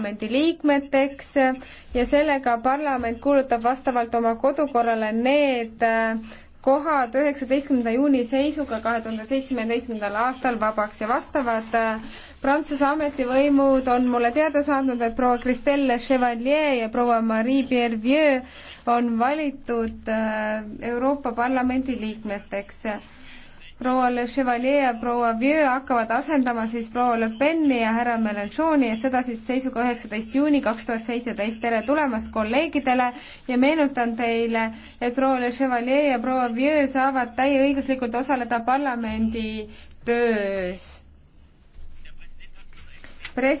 parlamendi liikmeteks ja sellega parlament kuulutab vastavalt oma kodukorrale need äh, kohad üheksateistkümnenda juuni seisuga kahe tuhande seitsmeteistkümnendal aastal vabaks ja vastavad äh, Prantsuse ametivõimud on mulle teada saatnud, et proua Christelle Chevalier ja proua Marie Pierre Vieux on valitud äh, Euroopa Parlamendi liikmeteks proua Le Chevalier ja proua Vieux hakkavad asendama siis proua Le Peni ja härra Melanchoni ja seda siis seisuga üheksateist juuni kaks tuhat seitseteist. tere tulemast kolleegidele ja meenutan teile, et proua Le Chevalier ja proua Vieux saavad täieõiguslikult osaleda parlamendi töös. president